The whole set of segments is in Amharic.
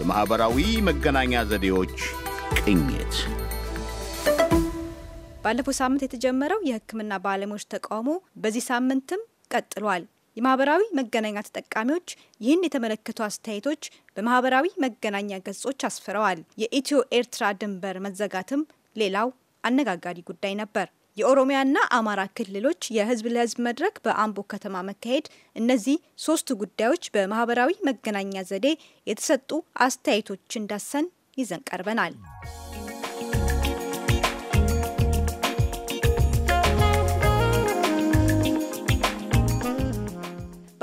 የማኅበራዊ መገናኛ ዘዴዎች ቅኝት ባለፈው ሳምንት የተጀመረው የሕክምና ባለሙያዎች ተቃውሞ በዚህ ሳምንትም ቀጥሏል። የማህበራዊ መገናኛ ተጠቃሚዎች ይህን የተመለከቱ አስተያየቶች በማህበራዊ መገናኛ ገጾች አስፍረዋል። የኢትዮ ኤርትራ ድንበር መዘጋትም ሌላው አነጋጋሪ ጉዳይ ነበር። የኦሮሚያና አማራ ክልሎች የህዝብ ለህዝብ መድረክ በአምቦ ከተማ መካሄድ እነዚህ ሶስቱ ጉዳዮች በማህበራዊ መገናኛ ዘዴ የተሰጡ አስተያየቶችን ዳሰን ይዘን ቀርበናል።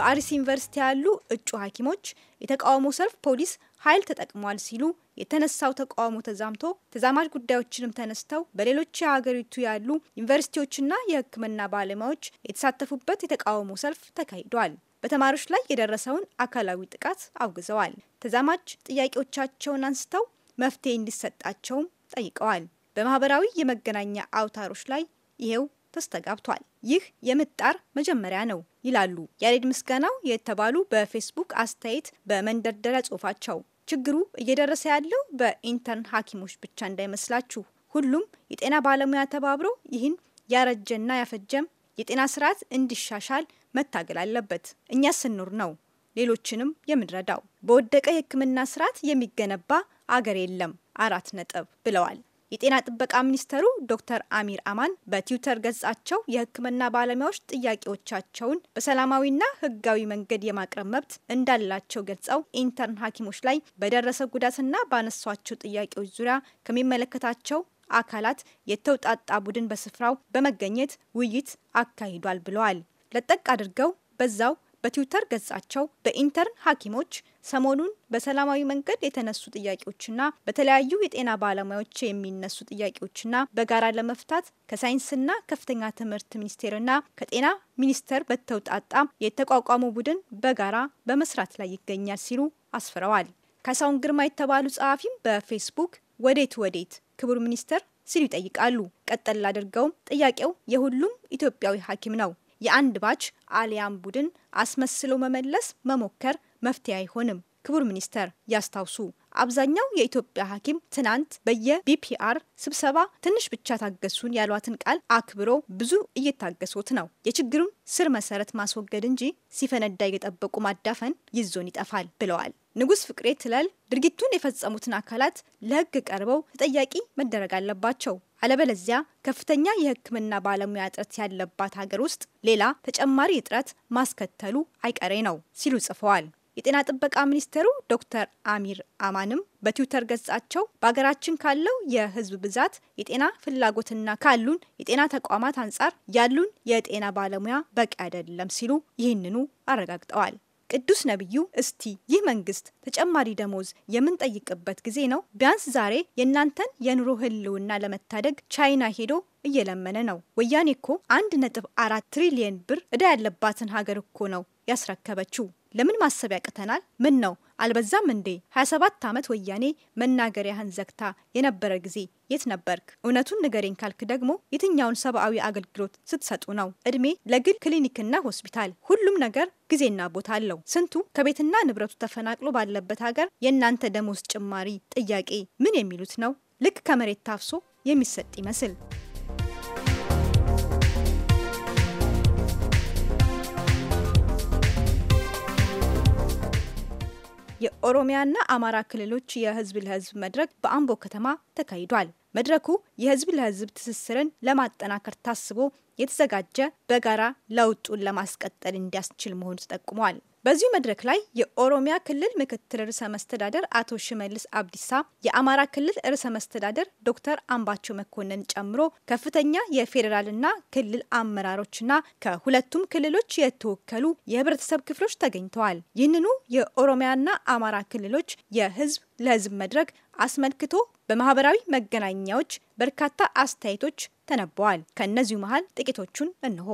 በአርሲ ዩኒቨርሲቲ ያሉ እጩ ሐኪሞች የተቃውሞ ሰልፍ ፖሊስ ኃይል ተጠቅሟል ሲሉ የተነሳው ተቃውሞ ተዛምቶ ተዛማጅ ጉዳዮችንም ተነስተው በሌሎች የሀገሪቱ ያሉ ዩኒቨርሲቲዎችና የሕክምና ባለሙያዎች የተሳተፉበት የተቃውሞ ሰልፍ ተካሂዷል። በተማሪዎች ላይ የደረሰውን አካላዊ ጥቃት አውግዘዋል። ተዛማጅ ጥያቄዎቻቸውን አንስተው መፍትሄ እንዲሰጣቸውም ጠይቀዋል። በማህበራዊ የመገናኛ አውታሮች ላይ ይሄው ተስተጋብቷል። ይህ የምጣር መጀመሪያ ነው ይላሉ ያሬድ ምስጋናው የተባሉ በፌስቡክ አስተያየት በመንደርደሪያ ጽሁፋቸው። ችግሩ እየደረሰ ያለው በኢንተርን ሐኪሞች ብቻ እንዳይመስላችሁ። ሁሉም የጤና ባለሙያ ተባብሮ ይህን ያረጀና ያፈጀም የጤና ስርዓት እንዲሻሻል መታገል አለበት። እኛ ስንኖር ነው ሌሎችንም የምንረዳው። በወደቀ የሕክምና ስርዓት የሚገነባ አገር የለም። አራት ነጥብ ብለዋል። የጤና ጥበቃ ሚኒስተሩ ዶክተር አሚር አማን በትዊተር ገጻቸው የሕክምና ባለሙያዎች ጥያቄዎቻቸውን በሰላማዊና ሕጋዊ መንገድ የማቅረብ መብት እንዳላቸው ገልጸው ኢንተርን ሐኪሞች ላይ በደረሰ ጉዳትና ባነሷቸው ጥያቄዎች ዙሪያ ከሚመለከታቸው አካላት የተውጣጣ ቡድን በስፍራው በመገኘት ውይይት አካሂዷል ብለዋል። ለጠቅ አድርገው በዛው በትዊተር ገጻቸው በኢንተርን ሐኪሞች ሰሞኑን በሰላማዊ መንገድ የተነሱ ጥያቄዎችና በተለያዩ የጤና ባለሙያዎች የሚነሱ ጥያቄዎችና በጋራ ለመፍታት ከሳይንስና ከፍተኛ ትምህርት ሚኒስቴርና ከጤና ሚኒስቴር በተውጣጣ የተቋቋሙ ቡድን በጋራ በመስራት ላይ ይገኛል ሲሉ አስፍረዋል። ካሳሁን ግርማ የተባሉ ጸሐፊም በፌስቡክ ወዴት ወዴት ክቡር ሚኒስተር ሲሉ ይጠይቃሉ። ቀጠል አድርገውም ጥያቄው የሁሉም ኢትዮጵያዊ ሐኪም ነው የአንድ ባች አሊያም ቡድን አስመስሎ መመለስ መሞከር መፍትሄ አይሆንም። ክቡር ሚኒስተር ያስታውሱ፣ አብዛኛው የኢትዮጵያ ሐኪም ትናንት በየቢፒአር ስብሰባ ትንሽ ብቻ ታገሱን ያሏትን ቃል አክብሮ ብዙ እየታገሱት ነው። የችግሩን ስር መሰረት ማስወገድ እንጂ ሲፈነዳ እየጠበቁ ማዳፈን ይዞን ይጠፋል ብለዋል። ንጉስ ፍቅሬ ትላል ድርጊቱን የፈጸሙትን አካላት ለህግ ቀርበው ተጠያቂ መደረግ አለባቸው። አለበለዚያ ከፍተኛ የሕክምና ባለሙያ እጥረት ያለባት ሀገር ውስጥ ሌላ ተጨማሪ እጥረት ማስከተሉ አይቀሬ ነው ሲሉ ጽፈዋል። የጤና ጥበቃ ሚኒስትሩ ዶክተር አሚር አማንም በትዊተር ገጻቸው በሀገራችን ካለው የህዝብ ብዛት የጤና ፍላጎትና ካሉን የጤና ተቋማት አንጻር ያሉን የጤና ባለሙያ በቂ አይደለም ሲሉ ይህንኑ አረጋግጠዋል። ቅዱስ ነቢዩ እስቲ ይህ መንግስት ተጨማሪ ደሞዝ የምንጠይቅበት ጊዜ ነው? ቢያንስ ዛሬ የእናንተን የኑሮ ህልውና ለመታደግ ቻይና ሄዶ እየለመነ ነው። ወያኔ እኮ አንድ ነጥብ አራት ትሪሊየን ብር እዳ ያለባትን ሀገር እኮ ነው ያስረከበችው። ለምን ማሰብ ያቅተናል? ምን ነው አልበዛም እንዴ? 27 ዓመት ወያኔ መናገሪያህን ዘግታ የነበረ ጊዜ የት ነበርክ? እውነቱን ንገሬን ካልክ ደግሞ የትኛውን ሰብአዊ አገልግሎት ስትሰጡ ነው? እድሜ ለግል ክሊኒክና ሆስፒታል። ሁሉም ነገር ጊዜና ቦታ አለው። ስንቱ ከቤትና ንብረቱ ተፈናቅሎ ባለበት ሀገር የእናንተ ደሞዝ ጭማሪ ጥያቄ ምን የሚሉት ነው? ልክ ከመሬት ታፍሶ የሚሰጥ ይመስል ኦሮሚያና አማራ ክልሎች የህዝብ ለህዝብ መድረክ በአምቦ ከተማ ተካሂዷል። መድረኩ የህዝብ ለህዝብ ትስስርን ለማጠናከር ታስቦ የተዘጋጀ በጋራ ለውጡን ለማስቀጠል እንዲያስችል መሆኑ ተጠቁሟል። በዚሁ መድረክ ላይ የኦሮሚያ ክልል ምክትል ርዕሰ መስተዳደር አቶ ሽመልስ አብዲሳ፣ የአማራ ክልል ርዕሰ መስተዳደር ዶክተር አምባቸው መኮንን ጨምሮ ከፍተኛ የፌዴራልና ክልል አመራሮችና ከሁለቱም ክልሎች የተወከሉ የህብረተሰብ ክፍሎች ተገኝተዋል። ይህንኑ የኦሮሚያና አማራ ክልሎች የህዝብ ለህዝብ መድረክ አስመልክቶ በማህበራዊ መገናኛዎች በርካታ አስተያየቶች ተነበዋል። ከእነዚሁ መሀል ጥቂቶቹን እንሆ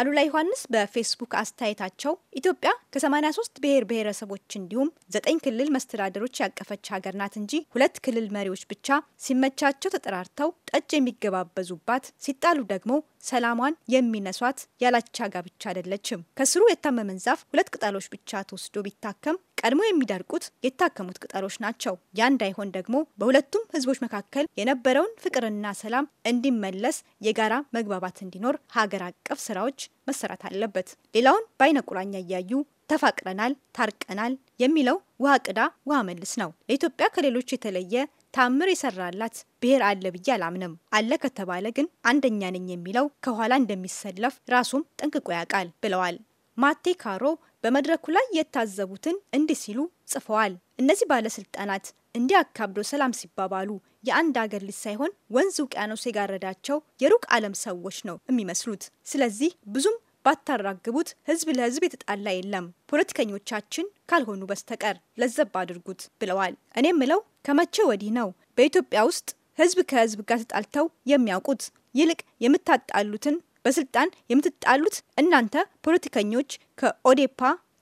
አሉላ ዮሐንስ በፌስቡክ አስተያየታቸው ኢትዮጵያ ከ83 ብሔር ብሔረሰቦች እንዲሁም ዘጠኝ ክልል መስተዳደሮች ያቀፈች ሀገር ናት እንጂ ሁለት ክልል መሪዎች ብቻ ሲመቻቸው ተጠራርተው ጠጅ የሚገባበዙባት ሲጣሉ ደግሞ ሰላሟን የሚነሷት ያላቻ ጋብቻ አይደለችም። ከስሩ የታመመን ዛፍ ሁለት ቅጠሎች ብቻ ተወስዶ ቢታከም ቀድሞ የሚደርቁት የታከሙት ቅጠሎች ናቸው። ያ እንዳይሆን ደግሞ በሁለቱም ህዝቦች መካከል የነበረውን ፍቅርና ሰላም እንዲመለስ የጋራ መግባባት እንዲኖር ሀገር አቀፍ ስራዎች መሰራት አለበት። ሌላውን በአይነ ቁራኛ እያዩ ተፋቅረናል፣ ታርቀናል የሚለው ውሃ ቅዳ ውሃ መልስ ነው። ለኢትዮጵያ ከሌሎች የተለየ ታምር የሰራላት ብሔር አለ ብዬ አላምንም። አለ ከተባለ ግን አንደኛ ነኝ የሚለው ከኋላ እንደሚሰለፍ ራሱም ጠንቅቆ ያውቃል ብለዋል ማቴ ካሮ በመድረኩ ላይ የታዘቡትን እንዲህ ሲሉ ጽፈዋል። እነዚህ ባለስልጣናት እንዲህ አካብዶ ሰላም ሲባባሉ የአንድ አገር ልጅ ሳይሆን ወንዝ ውቅያኖስ የጋረዳቸው የሩቅ ዓለም ሰዎች ነው የሚመስሉት። ስለዚህ ብዙም ባታራግቡት ህዝብ ለህዝብ የተጣላ የለም ፖለቲከኞቻችን ካልሆኑ በስተቀር ለዘብ አድርጉት ብለዋል። እኔ ምለው ከመቼ ወዲህ ነው በኢትዮጵያ ውስጥ ህዝብ ከህዝብ ጋር ተጣልተው የሚያውቁት? ይልቅ የምታጣሉትን በስልጣን የምትጣሉት እናንተ ፖለቲከኞች ከኦዴፓ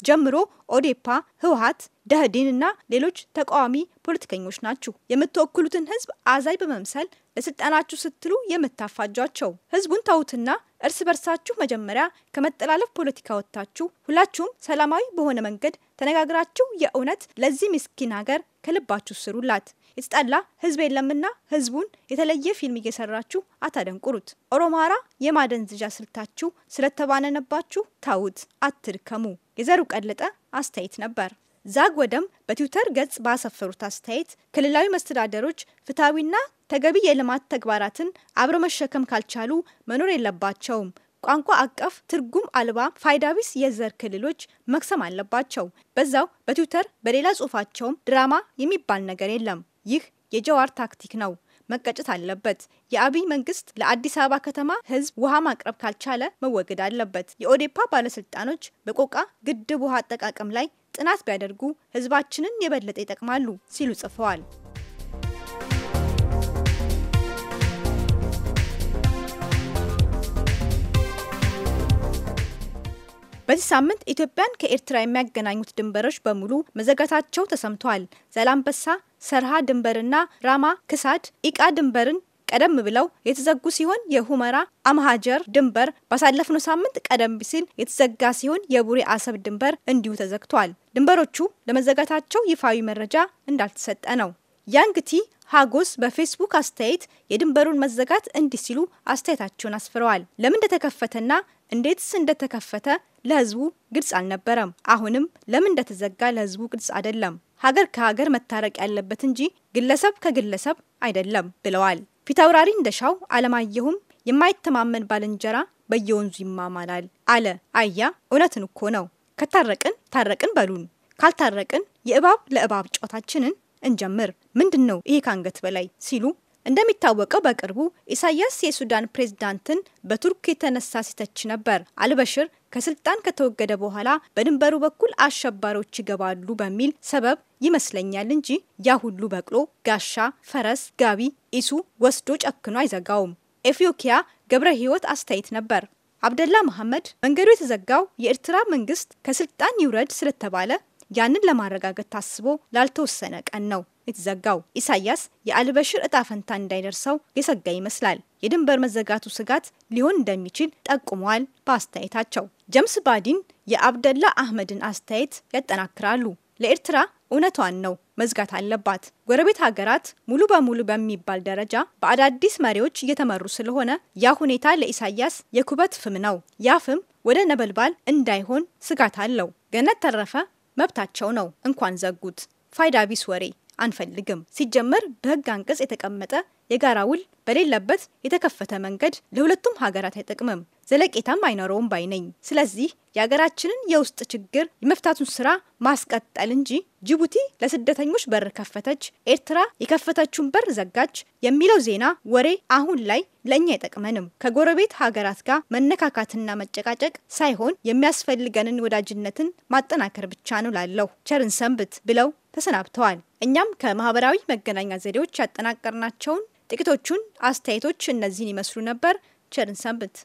ጀምሮ ኦዴፓ፣ ህወሀት፣ ደህዲን እና ሌሎች ተቃዋሚ ፖለቲከኞች ናችሁ። የምትወክሉትን ህዝብ አዛይ በመምሰል ለስልጣናችሁ ስትሉ የምታፋጇቸው ህዝቡን ተዉትና እርስ በርሳችሁ መጀመሪያ ከመጠላለፍ ፖለቲካ ወጥታችሁ ሁላችሁም ሰላማዊ በሆነ መንገድ ተነጋግራችሁ የእውነት ለዚህ ምስኪን ሀገር ከልባችሁ ስሩላት። የተጠላ ህዝብ የለምና ህዝቡን የተለየ ፊልም እየሰራችሁ አታደንቁሩት። ኦሮማራ የማደንዝዣ ስልታችሁ ስለተባነነባችሁ ታውት አትድከሙ። የዘሩ ቀለጠ አስተያየት ነበር። ዛግ ወደም በትዊተር ገጽ ባሰፈሩት አስተያየት ክልላዊ መስተዳደሮች ፍትሐዊና ተገቢ የልማት ተግባራትን አብረ መሸከም ካልቻሉ መኖር የለባቸውም። ቋንቋ አቀፍ ትርጉም አልባ ፋይዳቢስ የዘር ክልሎች መክሰም አለባቸው። በዛው በትዊተር በሌላ ጽሁፋቸውም ድራማ የሚባል ነገር የለም ይህ የጀዋር ታክቲክ ነው። መቀጨት አለበት። የአብይ መንግስት ለአዲስ አበባ ከተማ ህዝብ ውሃ ማቅረብ ካልቻለ መወገድ አለበት። የኦዴፓ ባለስልጣኖች በቆቃ ግድብ ውሃ አጠቃቀም ላይ ጥናት ቢያደርጉ ህዝባችንን የበለጠ ይጠቅማሉ ሲሉ ጽፈዋል። በዚህ ሳምንት ኢትዮጵያን ከኤርትራ የሚያገናኙት ድንበሮች በሙሉ መዘጋታቸው ተሰምቷል። ዘላንበሳ፣ ሰርሃ ድንበርና ራማ ክሳድ ኢቃ ድንበርን ቀደም ብለው የተዘጉ ሲሆን የሁመራ አምሃጀር ድንበር ባሳለፍነው ሳምንት ቀደም ሲል የተዘጋ ሲሆን የቡሬ አሰብ ድንበር እንዲሁ ተዘግቷል። ድንበሮቹ ለመዘጋታቸው ይፋዊ መረጃ እንዳልተሰጠ ነው። ያንግቲ ሀጎስ በፌስቡክ አስተያየት የድንበሩን መዘጋት እንዲህ ሲሉ አስተያየታቸውን አስፍረዋል። ለምን እንደተከፈተና እንዴትስ እንደተከፈተ ለህዝቡ ግልጽ አልነበረም። አሁንም ለምን እንደተዘጋ ለህዝቡ ግልጽ አይደለም። ሀገር ከሀገር መታረቅ ያለበት እንጂ ግለሰብ ከግለሰብ አይደለም ብለዋል። ፊታውራሪ እንደሻው አለማየሁም የማይተማመን ባልንጀራ በየወንዙ ይማማላል አለ። አያ እውነትን እኮ ነው። ከታረቅን ታረቅን በሉን፣ ካልታረቅን የእባብ ለእባብ ጨዋታችንን እንጀምር። ምንድን ነው ይሄ ከአንገት በላይ ሲሉ እንደሚታወቀው በቅርቡ ኢሳያስ የሱዳን ፕሬዝዳንትን በቱርክ የተነሳ ሲተች ነበር። አልበሽር ከስልጣን ከተወገደ በኋላ በድንበሩ በኩል አሸባሪዎች ይገባሉ በሚል ሰበብ ይመስለኛል እንጂ ያ ሁሉ በቅሎ፣ ጋሻ፣ ፈረስ፣ ጋቢ፣ ኢሱ ወስዶ ጨክኖ አይዘጋውም። ኤፊዮኪያ ገብረ ሕይወት አስተያየት ነበር። አብደላ መሐመድ መንገዱ የተዘጋው የኤርትራ መንግስት ከስልጣን ይውረድ ስለተባለ ያንን ለማረጋገጥ ታስቦ ላልተወሰነ ቀን ነው። የተዘጋው። ኢሳያስ የአልበሽር እጣ ፈንታ እንዳይደርሰው የሰጋ ይመስላል። የድንበር መዘጋቱ ስጋት ሊሆን እንደሚችል ጠቁመዋል። በአስተያየታቸው ጀምስ ባዲን የአብደላ አህመድን አስተያየት ያጠናክራሉ። ለኤርትራ እውነቷን ነው መዝጋት አለባት። ጎረቤት ሀገራት ሙሉ በሙሉ በሚባል ደረጃ በአዳዲስ መሪዎች እየተመሩ ስለሆነ ያ ሁኔታ ለኢሳያስ የኩበት ፍም ነው። ያ ፍም ወደ ነበልባል እንዳይሆን ስጋት አለው። ገነት ተረፈ መብታቸው ነው። እንኳን ዘጉት። ፋይዳ ቢስ ወሬ አንፈልግም። ሲጀመር በህግ አንቀጽ የተቀመጠ የጋራ ውል በሌለበት የተከፈተ መንገድ ለሁለቱም ሀገራት አይጠቅምም፣ ዘለቄታም አይኖረውም ባይ ነኝ። ስለዚህ የሀገራችንን የውስጥ ችግር የመፍታቱን ስራ ማስቀጠል እንጂ ጅቡቲ ለስደተኞች በር ከፈተች፣ ኤርትራ የከፈተችውን በር ዘጋች የሚለው ዜና ወሬ አሁን ላይ ለእኛ አይጠቅመንም። ከጎረቤት ሀገራት ጋር መነካካትና መጨቃጨቅ ሳይሆን የሚያስፈልገንን ወዳጅነትን ማጠናከር ብቻ ነው ላለሁ ቸርን ሰንብት ብለው ተሰናብተዋል። እኛም ከማህበራዊ መገናኛ ዘዴዎች ያጠናቀርናቸውን ጥቂቶቹን አስተያየቶች እነዚህን ይመስሉ ነበር። ቸርን ሰንብት።